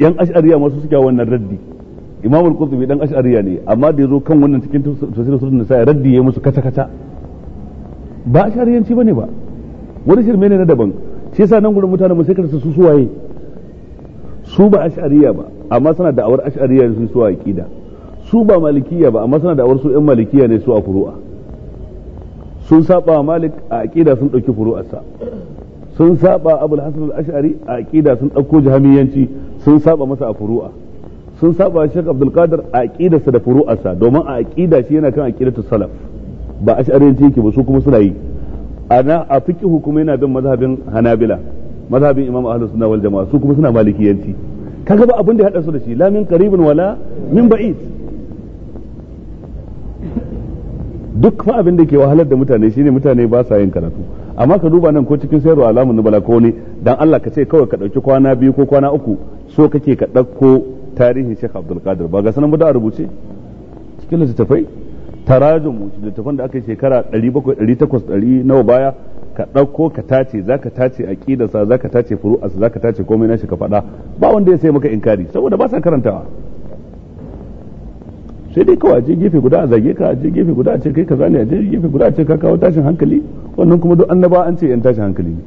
yan ash'ariya masu suke wannan raddi imam al-qurtubi dan ash'ariya ne amma da yazo kan wannan cikin tafsir sunan nisa raddi yayi musu kata kata ba ash'ariyanci bane ba wani shirme ne na daban shi yasa nan gurin mutanen mu sai karsa su suwaye su ba ash'ariya ba amma suna da awar ash'ariya su suwa aqida su ba malikiya ba amma suna da awar su ɗan malikiya ne su a furu'a sun saba malik a aqida sun dauki furu'arsa sun saba abul hasan al-ash'ari a aqida sun dauko jahamiyanci sun saba masa a furu'a sun saba shek abdul qadir a aqidarsa da furu'arsa domin a aqida shi yana kan aqidatu salaf ba ash'ariyanci yake ba su kuma suna yi ana a fiki kuma yana bin mazhabin hanabila mazhabin imam ahlus sunna wal jamaa su kuma suna malikiyanci kaga ba abin da ya hada su da shi la min qaribin wala min ba'id duk fa abin da ke wahalar da mutane shine mutane ba sa yin karatu amma ka duba nan ko cikin sayarwa alamun nubala ko ne dan Allah ka ce kawai ka dauki kwana biyu ko kwana uku so kake ka dauko tarihin Sheikh Abdul Qadir ba ga sanan ba da rubuce cikin littattafai tarajum littattafan da aka yi shekara 700 800 nawa baya ka ɗauko ka tace za ka tace ƙidasa za ka tace furu'arsa za ka tace komai shi ka faɗa ba wanda ya sai maka inkari saboda ba sa karantawa sai dai kawai a gefe guda a zage ka a gefe guda a ce kai kaza ne a gefe guda a ce ka kawo tashin hankali wannan kuma duk annaba an ce yan tashin hankali ne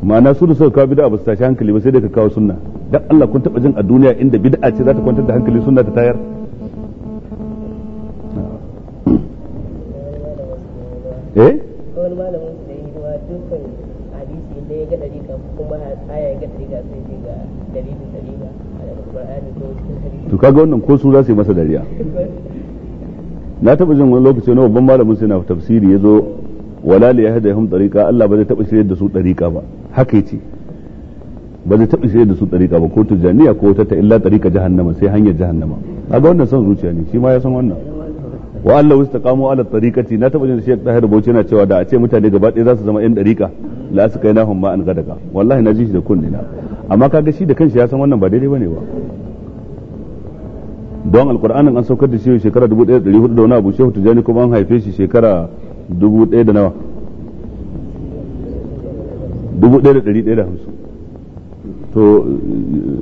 ma'ana su da suka kawo bid'a ba su tashi hankali ba sai dai ka kawo sunna dan Allah kun taba jin a duniya inda bid'a ce za ta kwantar da hankali sunna ta tayar eh to kaga wannan ko su za su yi masa dariya na taɓa jin wani lokaci na babban malamin sai na tafsiri ya zo wala li yahdihum tariqa Allah ba zai taɓa shirye da su tariqa ba haka yace ba zai taɓa shirye da su tariqa ba ko tujaniya ko ta illa tariqa jahannama sai hanyar jahannama kaga wannan son zuciya ne shi ma ya san wannan wa Allah wastaqamu ala tariqati na taɓa jin Sheikh Tahir Bauchi yana cewa da a ce mutane gaba ɗaya za su zama yan tariqa la su kai hum ma an gadaka wallahi na ji shi da kunni na amma kaga shi da kanshi ya san wannan ba daidai bane ba don alkur'anin an saukar da shi shekara 1400 da wani abu shehu tijani kuma an haife shi shekara 1000 da nawa 1150 to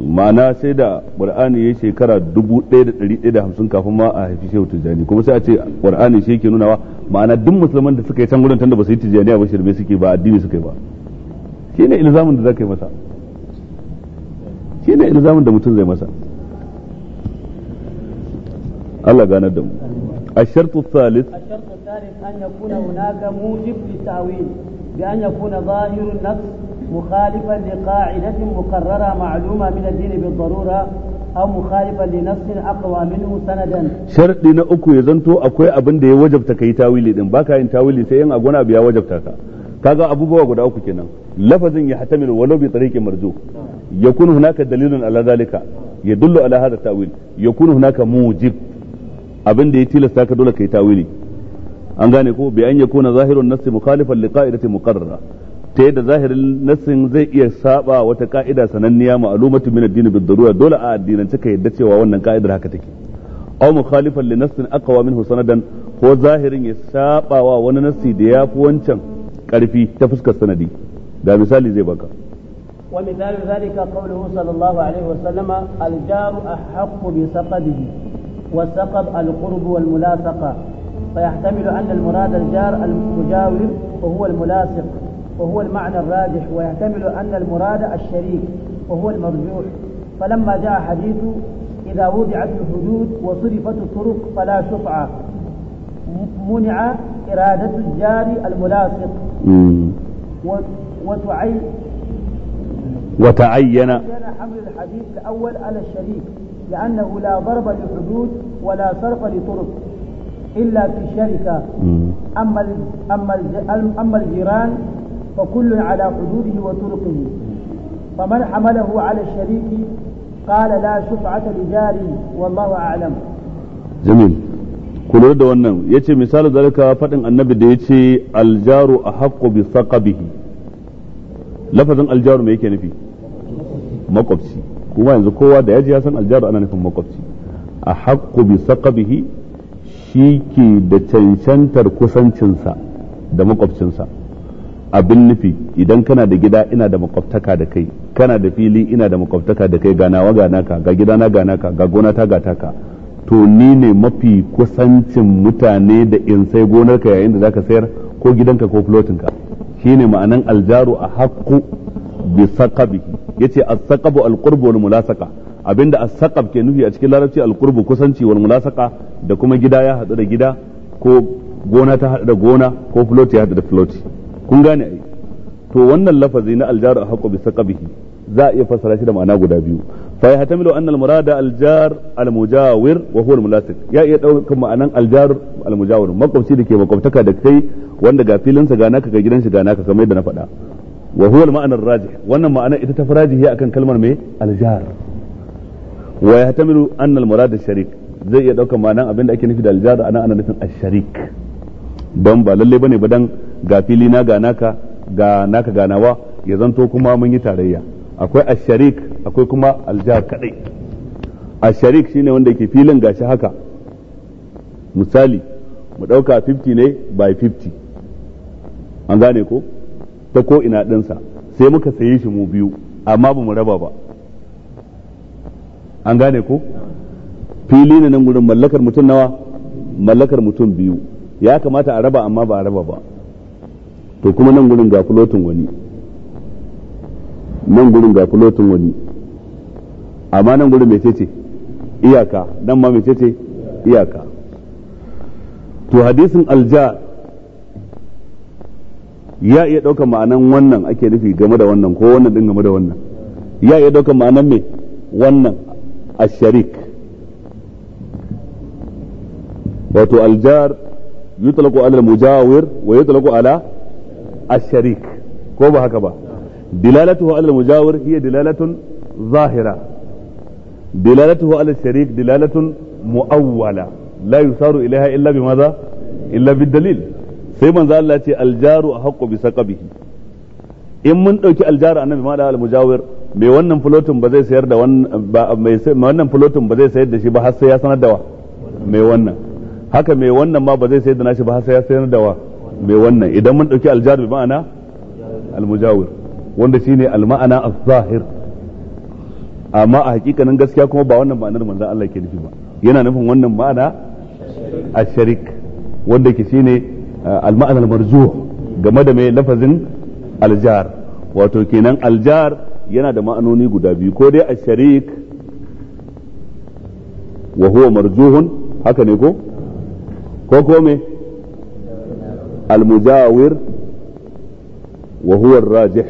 ma'ana sai da qur'ani yayi shekara 1150 kafin ma a haifi shehu tijani kuma sai a ce qur'ani shi yake nunawa ma'ana duk musulman da suka yi can gurin tunda ba su yi tijaniya ba shirme suke ba addini suke ba shine ilzamin da zaka yi masa shine ilzamin da mutum zai masa Allah ganar da mu a shartu salis an ya kuna hunaka mujib li tawil bi an ya kuna zahirun nafs mukhalifan li qa'idatin muqarrara ma'luma min ad-din bi darura aw mukhalifan li nafsin aqwa min sanadan shartu na uku ya zanto akwai abin da ya wajabta kai tawili din ka yin tawili sai in a gona biya wajabta ka kaga abubuwa guda uku kenan lafazin ya hatamil walau bi tariqi ya kuna hunaka dalilun ala zalika yadullu ala hadha at-tawil yakun hunaka mujib abin da ya tilasta ka dole kai tawili an gane ko bi an kuna zahirun nass mukhalifan li qa'idati muqarrara ta yadda zahirin nassin zai iya saba wata ka'ida sananniya ma'lumatu min ad-din bid darura dole a addinance ka yadda cewa wannan ka'idar haka take aw mukhalifan li nassin aqwa minhu sanadan ko zahirin ya saba wa wani nassi da yafi wancan karfi ta fuskar sanadi ga misali zai baka ومثال ذلك قوله صلى الله عليه وسلم الجار أحق بسقده وسقط القرب والملاصقة فيحتمل أن المراد الجار المجاور وهو الملاصق وهو المعنى الراجح ويحتمل أن المراد الشريك وهو المرجوح فلما جاء حديث إذا وضعت الحدود وصرفت الطرق فلا شفعة منع إرادة الجار الملاصق وتعين وتعين حمل الحديث الأول على الشريك لأنه لا ضرب لحدود ولا صرف لطرق إلا في الشركة أما أما أما الجيران فكل على حدوده وطرقه فمن حمله على الشريك قال لا شفعة لجاري والله أعلم جميل kula da wannan ya ce misali zalika faɗin annabi da ya ce aljaru a haƙƙo bi saƙabihi lafazin aljaru mai yake nufi makwabci kuma yanzu kowa da yaji ya san aljaru ana nufin makwabci a haƙƙu bi saqabihi shi ke da cancantar kusancinsa da makwabcinsa abin nufi idan kana da gida ina da makwabtaka da kai kana da fili ina da makwabtaka da kai ganawa gana ka ga gidana gana ka ga gona ta gata ka to ni ne mafi kusancin mutane da in sai gonarka yayin da zaka sayar ko gidanka ko flotinka shine ma'anan aljaru a haƙƙu. bi saqabi yace as-saqabu al-qurbu wal mulasaka abinda as-saqab ke nufi a cikin larabci al-qurbu kusanci wal mulasaka da kuma gida ya hadu da gida ko gona ta hadu da gona ko floti ya hadu da floti kun gane ai to wannan lafazi na al-jaru haqqu bi saqabihi za a iya fassara shi da ma'ana guda biyu fa ya hatamilu anna al-murada al-jar al-mujawir wa huwa al-mulasik ya iya daukar ma'anan al-jar al-mujawir makwabci dake makwabtaka da kai wanda ga filinsa ga naka ga gidansa ga naka kamar yadda na faɗa wa huwa al-ma'ana ar-rajih wannan ma'ana ita ta farajihi akan kalmar me al-jar wa yahtamilu anna al-murad ash-sharik zai iya daukar ma'anan abinda ake nufi da al-jar anan ana nufin ash-sharik dan ba lalle bane ba dan ga fili na ga naka ga naka ganawa ya zanto kuma mun yi tarayya akwai ash-sharik akwai kuma al-jar kadai ash-sharik shine wanda yake filin gashi haka misali mu dauka 50 ne by 50 an gane ko ta ko ina ɗinsa sai muka saye shi mu biyu amma ba mu raba ba an gane ko fili ne nan gudun mallakar mutum nawa mallakar mutum biyu ya kamata a raba amma ba a raba ba to kuma nan gudun ga fulotin wani nan gudun ga fulotin wani amma nan gurin mecece iyaka nan ma mecece iyaka to hadisin alja ya iya ɗaukar ma'anan wannan ake nufi game da wannan ko wannan ɗin game da wannan ya iya ɗaukar ma'anan me wannan asharik wato aljar yutlaqu ala almujawir wa yutlaqu ala asharik ko ba haka ba dilalatuhu ala almujawir hiya dilalatun zahira dilalatuhu ala asharik dilalatun muawwala la yusaru ilaiha illa bimadha illa dalil. sai manzo Allah ya ce aljaru haqqu bi saqabihi in mun dauki aljaru annabi ma da mujawir me wannan fulotin ba zai sayar da wannan ba wannan fulotin ba zai sayar da shi ba har sai ya sanar da wa me wannan haka me wannan ma ba zai sayar da nashi ba har sai ya sanar da wa me wannan idan mun dauki aljaru bi ma'ana mujawir wanda shine alma'ana al zahir amma a hakikanin gaskiya kuma ba wannan ma'anar manzo Allah ke nufi ba yana nufin wannan ma'ana asharik wanda ke shine al-ma'an al-marzuh game da mai lafazin aljar wato kenan aljar yana da ma'anoni guda biyu ko dai ash-sharik wa huwa marzuhun haka ne ko ko ko me al wa huwa ar-rajih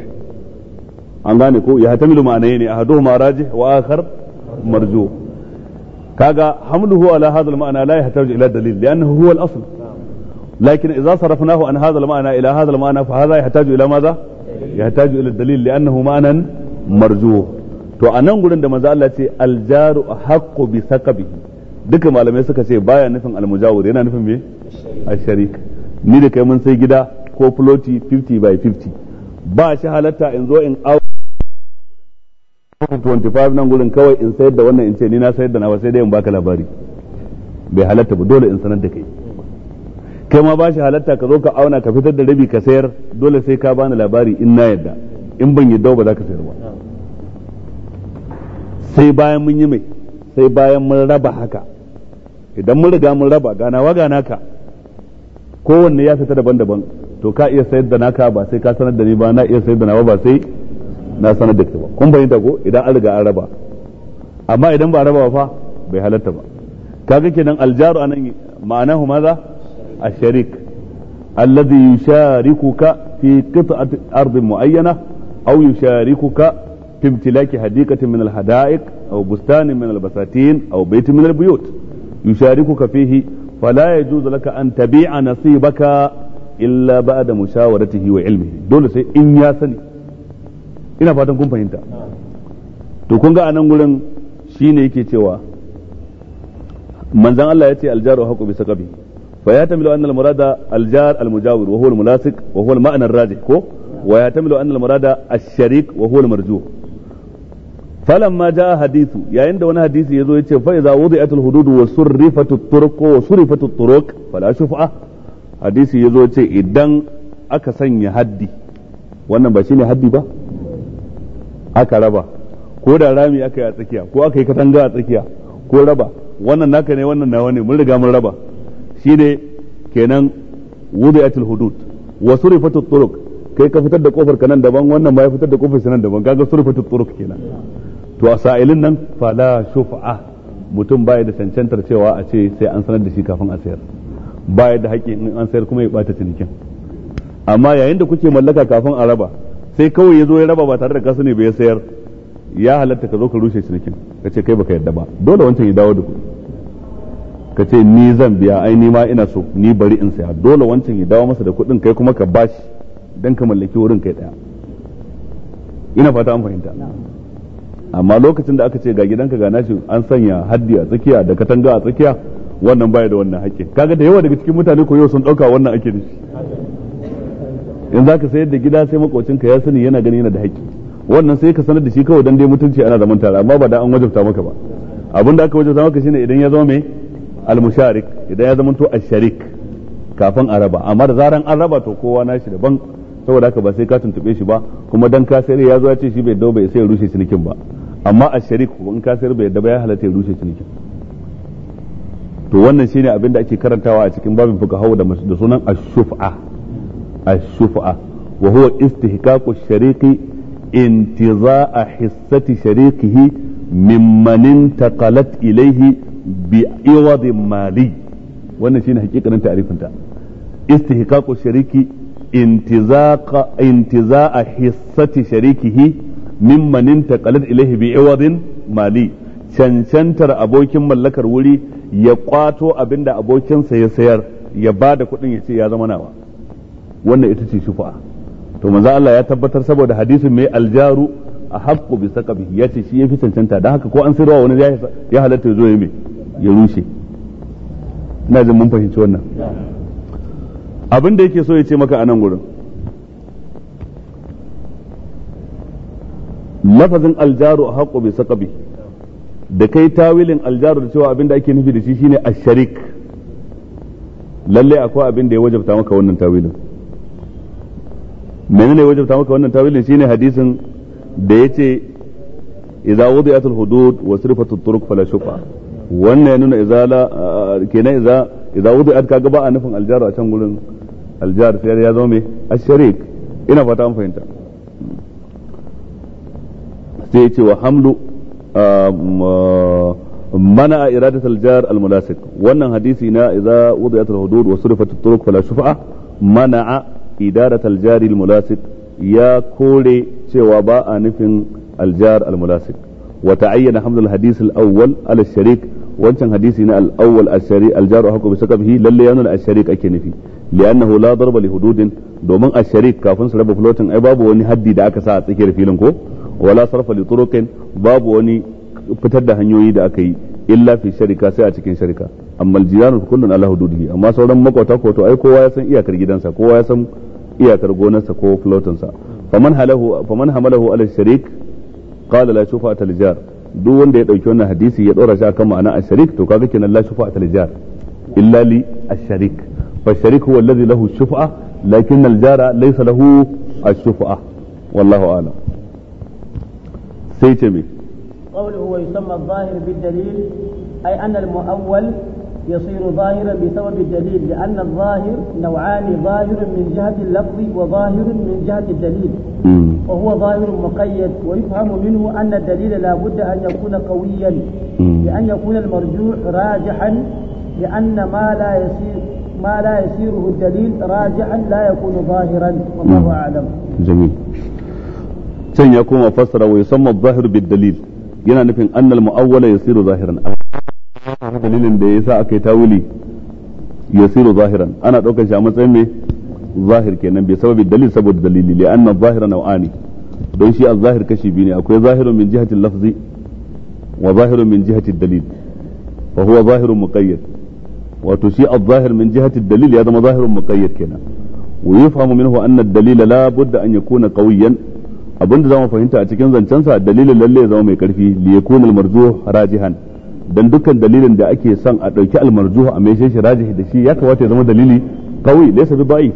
an gane ko ya hatamilu ma'anayi ne ma rajih wa akhar marzuh kaga hamluhu ala hadha al-ma'na la yahtaju ila dalil li'annahu huwa al لكن إذا صرفناه عن هذا المعنى إلى هذا المعنى فهذا يحتاج إلى ماذا يحتاج إلى الدليل لأنه معنى مرجوه تو a nan gurin da manzo Allah ce aljaru haqqu bi saqabihi duka malamai suka ce baya nufin almujawir yana nufin me asharik ni da kai mun sai gida ko floti 50 by 50 ba shi halatta in zo in au 25 nan gurin kawai in sayar da wannan in ce ni na sayar da nawa sai dai in baka labari bai halatta ba dole in sanar da kai kai ma ba shi halatta ka zo ka auna ka fitar da rabi ka sayar dole sai ka bani labari in na yadda in ban yadda ba za ka sayar ba sai bayan mun yi mai sai bayan mun raba haka idan mun riga mun raba ganawa gana ka kowanne ya fita daban-daban to ka iya sayar da naka ba sai ka sanar da ni ba na iya sayar da nawa ba sai na sanar da ke ba kun bayyana ko idan an riga an raba amma idan ba raba ba fa bai halatta ba kaga kenan aljaru anan ma'anahu maza الشريك الذي يشاركك في قطعة أرض معينة أو يشاركك في امتلاك حديقة من الحدائق أو بستان من البساتين أو بيت من البيوت يشاركك فيه فلا يجوز لك أن تبيع نصيبك إلا بعد مشاورته وعلمه دول سي إن ياسني ina fatan kun fahimta to kun ga anan gurin shine yake cewa manzon Allah ya ce aljaru haqu bi saqabi فيحتمل أن المراد الجار المجاور وهو الملاصق وهو المعنى الراجح كو ويحتمل أن المراد الشريك وهو المرجوح فلما جاء حديث يا عند وانا حديث يزو يتي فإذا وضعت الحدود وصرفت الطرق وصرفت الطرق فلا شفعة حديث يزو يتي إدن أكا سنيا حدي وانا باشيني حدي با أكا ربا ko da rami aka yi a tsakiya ko aka yi katanga a tsakiya ko raba wannan naka ne wannan nawa ne mun riga mun raba shine kenan wudi'atul hudud wa surifatul turuq kai ka fitar da kofar kanan daban wannan ma ya fitar da kofar sanan daban kaga surifatul turuq kenan to a sa'ilin nan fala shuf'a mutum baya da cancantar cewa a ce sai an sanar da shi kafin a sayar baya da haƙƙi in an sayar kuma ya bata cinikin amma yayin da kuke mallaka kafin a raba sai kawai ya zo ya raba ba tare da kasu ne bai sayar ya halatta ka zo ka rushe cinikin ka ce kai baka yadda ba dole wancan ya dawo da kuɗi ka ce ni zan biya ai ni ma ina so ni bari in saya dole wancan ya dawo masa da kuɗin kai kuma ka bashi dan ka mallaki wurin kai daya ina fata an fahimta amma lokacin da aka ce ga gidanka ga nashi an sanya haddi a tsakiya da katanga a tsakiya wannan baya da wannan haƙƙin kaga da yawa daga cikin mutane ko yau sun ɗauka wannan ake da shi in za ka sayar da gida sai makocinka ya sani yana gani yana da haƙƙi wannan sai ka sanar da shi kawai dan dai mutunci ana zaman tare amma ba da an wajabta maka ba abin da aka wajabta maka shine idan ya zama mai al-musharik idan ya zamanto a sharik kafin a raba amma da zaran an raba to kowa shi daban saboda haka ba sai ka tuntube shi ba kuma dan ka ya zo ya ce shi bai dawo bai sai rushe cinikin ba amma ash-sharik in bai yadda ba ya halatta ya rushe cinikin to wannan shine abin da ake karantawa a cikin babin fuqaha da da sunan ash-shuf'a ash-shuf'a wa huwa istihqaqu ash-shariqi intiza'a hissati sharikihi mimman intaqalat ilayhi bi iwadin mali wannan shine hakikanin ta'rifin ta istihqaqu shariki intizaqa intizaa hissati sharikihi mimman intaqalat ilayhi bi mali cancantar abokin mallakar wuri ya kwato abinda abokinsa ya sayar ya ba da kuɗin ya ce ya zama nawa wannan ita ce shufa'a to manzo Allah ya tabbatar saboda hadisin mai aljaru a haqqu bisa saqabihi ya ce shi fi cancanta dan haka ko an sayarwa wani ya halatta ya zo ya mai ya rushe na mun fahimci wannan abin da yake so ya ce maka a nan gurin lafazin aljaru a haƙo bai saƙabi da kai tawilin aljaru da cewa abin da ake nufi da shi shine sharik lalle akwai abin da ya wajabta maka wannan tawilin menene ya wajabta maka wannan tawilin shine hadisin da ya ce idza wudi'atul hudud wa sirfatut turuq fala shufa wannan ya nuna izala kenan iza idza wudi'at kaga ba a nufin aljar a can gurin aljar sai ya zama mai asharik ina fata an fahimta sai yace wa hamlu mana a iradat aljar almulasik wannan hadisi na idza wudi'at alhudud wa surifat at-turuq fala shufa'a a idarat aljar almulasik ya kore cewa ba a nufin aljar almulasik وتعين حمل الحديث الأول على الشريك wancan hadisi na al-awwal ashari al-jaru haku bi sakabihi lalle ya nuna asharik ake nufi li'annahu la darba li hududin domin asharik kafin su raba flotin ai babu wani haddi da aka sa a tsakiyar filin ko wala sarfa li turuqin babu wani fitar da hanyoyi da aka yi illa fi sharika sai a cikin sharika amma al-jiranu kullun ala hududihi amma sauran makwata ko to ai kowa ya san iyakar gidansa kowa ya san iyakar gonarsa ko flotinsa faman halahu faman hamalahu ala sharik qala la shufa al-jar duk wanda ya dauki wannan hadisi ya dora shi akan ma'ana asharik to kaga kenan la shufa'a lil jar illa li asharik fa sharik huwa alladhi lahu shufa'a lakin al jara laysa lahu ash-shufa'a wallahu a'lam sai ce me قوله ويسمى الظاهر بالدليل أي أن المؤول يصير ظاهرا بسبب الدليل لأن الظاهر نوعان ظاهر من جهة اللفظ وظاهر من جهة الدليل وهو ظاهر مقيد ويفهم منه أن الدليل لا بد أن يكون قويا بأن يكون المرجوع راجحا لأن ما لا يسير ما لا يسيره الدليل راجعا لا يكون ظاهرا والله أعلم جميل can ya koma fassara wa yusamma zahir bid dalil yana nufin annal mu'awwala yasiru zahiran dalilin da yasa aka yi tawili yasiru zahiran ana daukar shi a matsayin me zahir kenan bai sababi dalil saboda dalili li anna zahira nau'ani don shi az-zahir kashi biyu ne akwai zahirun min jihati lafzi wa zahirun min jihati dalil fa huwa zahirun muqayyad wato shi az-zahir min jihati dalil ya zama zahirun muqayyad kenan wa yufhamu minhu anna ad-dalila la budda an yakuna qawiyan abinda zama fahimta a cikin zancensa dalilin lalle ya zama mai karfi li yakuna al-marjuh rajihan dan dukkan dalilin da ake son a dauki al-marjuh a mai shi rajihi da shi ya kawata ya zama dalili قوي ليس bai.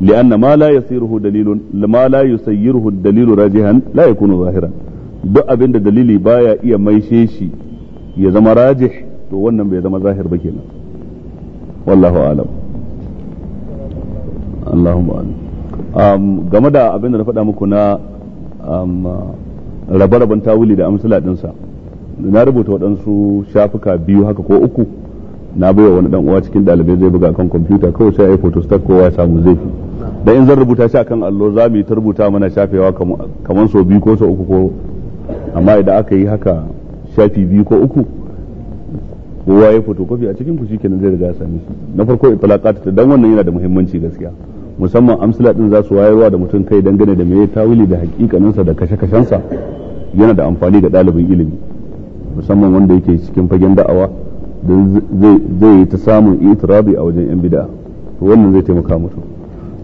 لأن ما لا يسيره دليل لما لا يسيره الدليل راجحا لا يكون ظاهرا duk abin da dalili baya iya maishe shi ya zama rajih to wannan bai zama zahir ba kenan wallahu alam Allahumma alam game da abin da na faɗa muku na rabe-raben tawuli da amsala ɗinsa na rubuta waɗansu shafuka biyu haka ko uku na baiwa wani dan uwa cikin dalibai zai buga kan kwamfuta kawai sai yi photostat kowa ya samu zai fi da in zan rubuta shi a kan allo za mu yi ta rubuta mana shafewa kamar sau biyu ko sau uku ko amma idan aka yi haka shafi biyu ko uku kowa ya fotokofi a cikin ku shikenan zai riga ya sami shi na farko itlaqat ta dan wannan yana da muhimmanci gaskiya musamman amsila din za su wayarwa da mutum kai dangane da ta tawili da hakikaninsa da kashe-kashensa yana da amfani ga ɗalibin ilimi musamman wanda yake cikin fagen da'awa zai ta samun itirabi a wajen yan bid'a to wannan zai taimaka mutum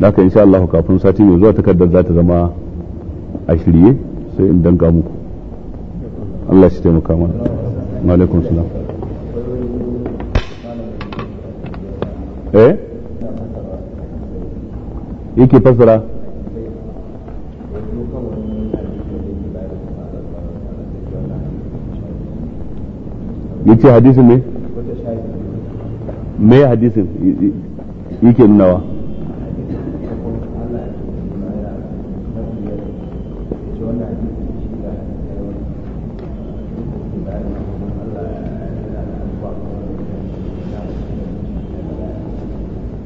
aka insha Allah kafin sati mai zuwa takardar za ta zama a shirye sai in danga muku Allah shi taimaka mana wa alaikum salam eh yake fasara yace hadisi ne me hadisin yake nunawa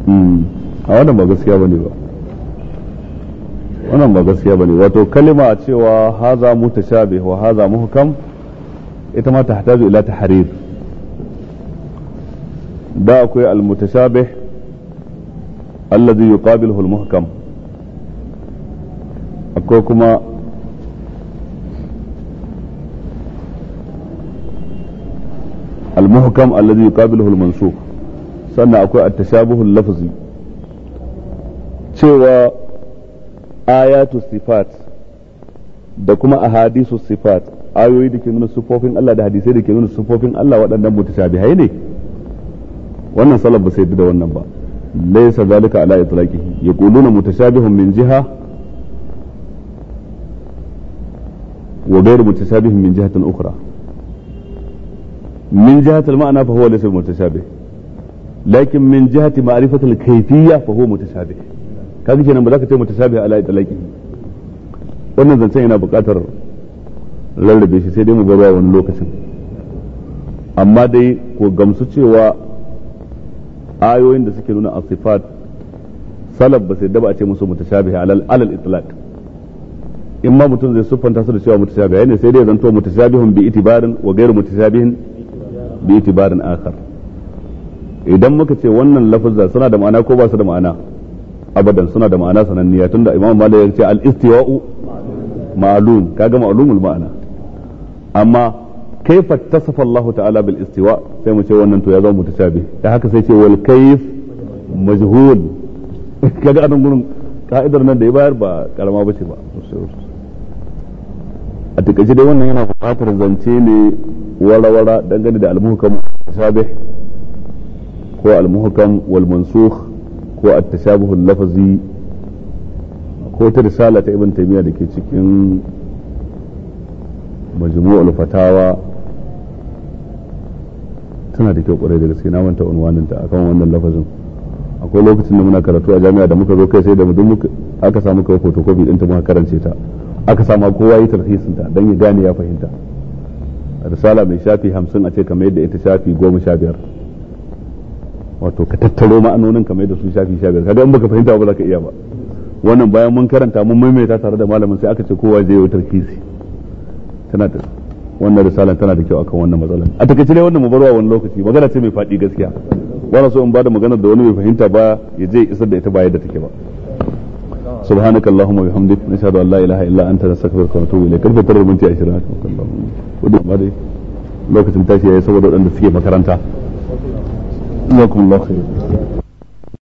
hmm. a wannan ba gaskiya ne ba wannan ba gaskiya ba wato kalima a cewa haza mutashabih wa haza muhkam ita ma ta tahtaju ila ta harir da akwai al-mutashabih allazi yuqabiluhu al akwai kuma al allazi yuqabiluhu al sannan akwai at-tashabuhu lafzi cewa ayatu sifat da kuma ahadisu sifat ayoyi da ke nuna sufofin Allah da hadisai da ke nuna sufofin Allah waɗannan mutashabihai ne wannan salaf ba sai da wannan ba laysa zalika ala itlaqihi yaquluna mutashabihun min jiha wa ghayru mutashabihun min jihatin ukhra من جهة المعنى فهو ليس متشابه لكن من جهة معرفة الكيفية فهو متشابه kaga kenan ba za ka ce mutashabihi ala itlaqi wannan zancen yana buƙatar rarrabe shi sai dai mu ga wani lokacin amma dai ko gamsu cewa ayoyin da suke nuna asifat salaf ba sai daba a ce musu mutashabihi alal alal itlaq in ma mutum zai sufanta su da cewa mutashabihi ne sai dai zanto mutashabihun bi itibarin wa ghairu mutashabihin bi itibarin akhar idan muka ce wannan lafazza suna da ma'ana ko ba su da ma'ana abadan suna da ma'ana sananniya tunda imam malik ya ce al istiwa'u ma'lum kaga ma'lumul ma'ana amma kaifa tasafa Allah ta'ala bil istiwa sai mu ce wannan to ya zama mutashabi da haka sai ce wal kayf majhul kaga anan gurin ka'idar nan da ya bayar ba karama bace ba a takaice dai wannan yana buƙatar zance ne wara dangane da almuhkam tashabih ko almuhkam wal mansukh ko at-tashabuh al-lafzi ko ta risala ta ibn taymiya da ke cikin majmu'ul fatawa tana da kyau kwarai da gaske na manta unwanin ta akan wannan lafazin akwai lokacin da muna karatu a jami'a da muka zo kai sai da mu aka samu kai photocopy din ta muka karance ta aka samu kowa yi tarhisin ta dan ya gane ya fahimta risala mai shafi hamsin a ce kamar yadda ita shafi goma sha wato ka tattaro ma'anonin kamar yadda su shafi 15 kaga in baka fahimta ba za ka iya ba wannan bayan mun karanta mun maimaita tare da malamin sai aka ce kowa zai yi kisi tana da wannan risala tana da kyau akan wannan matsalar a takaice dai wannan mubarwa wani lokaci magana ce mai faɗi gaskiya ba so in bada maganar da wani mai fahimta ba ya je isar da ita ba yadda take ba سبحانك اللهم وبحمدك نشهد ان لا اله الا انت نستغفرك ونتوب اليك كيف ترى منتي 20 ودي ما دي lokacin tashi yayi saboda suke makaranta